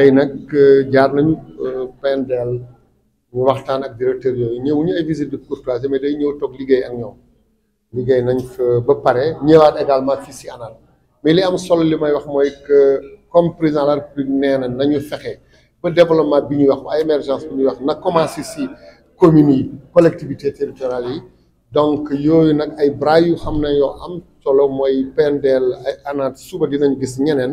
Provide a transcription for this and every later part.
tey nag euh, jaar nañu euh, PNDL ñu waxtaan ak directeur yooyu ñëwuñu ay visite de courtoisie mais day ñëw toog liggéey ak ñoom liggéey nañ fa ba pare ñëwaat également fii si ANAT mais li am solo li may wax mooy que comme président de la république nee na nañu fexe ba développement bi ñuy wax ay émergence bi ñuy wax na commencé si communes yi collectivités territoriales yi donc yooyu nag ay bras yu xam ne yoo am solo mooy PNDL ay ANAT suba dinañ gis ñeneen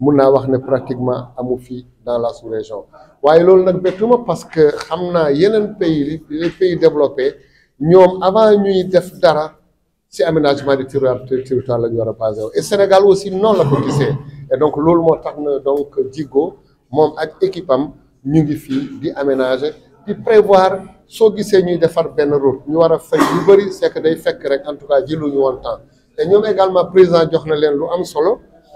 mun naa wax ne pratiquement amu fi dans la sous-région waaye loolu nag bettuma parce que xam naa yeneen pays les pays développés ñoom avant ñuy def dara si aménagement du territoire la ñu war a basé et Sénégal aussi noonu la ko gisee et donc loolu moo tax na donc Djigo moom ak équipe am ñu ngi fii di aménager di prévoir soo gisee ñuy defar benn route ñu war a fay yu bëri c'est que day fekk rek en tout cas ji lu ñu woon temps te ñoom également président jox na leen lu am solo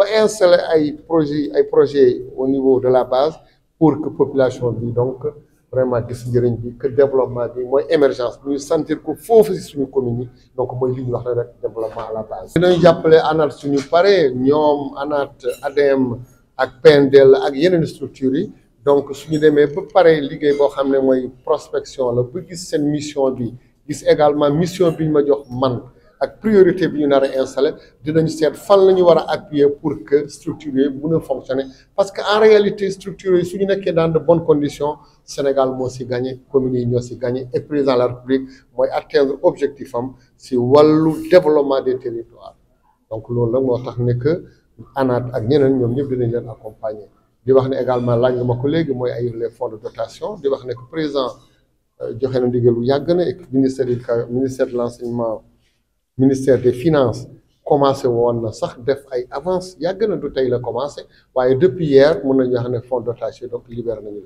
Va installer ay projet ay projet au niveau de la base pour que population bi donc vraiment gis njëriñ bi que développement bi mooy émergence bi sentir ko foofu si suñu commune yi donc moi, li ñu wax développement à la base. dinañ jàppale ANAT suñu paree ñoom ANAT ADM ak PNDL ak yeneen structures yi donc suñu demee ba pare liggéey boo xam ne prospection la ba gis seen mission bi gis également mission de ñu ma jox man ak priorité bi ñu installé dinañu seet fan la ñu appuyer pour que structures yooyu fonctionner parce qu'en en réalité structures yi su dans de bonnes conditions Sénégal moo si gagné communes yi ñoo gagné et président de la République mooy atteindre objectif am si développement des territoires donc loolu la moo tax que ANAT ak ñeneen ñoom ñëpp dinañ leen accompagner di wax ne également laaj nga ma ko ay les fonds de dotation di wax ne que président euh, joxe na ndigal ministère ministère de l'enseignement ministère des finances commencé woon sax def ay avance yàgg na du tay la commencé depuis hier mën nañu wax fonds de dotation donc libéré nañu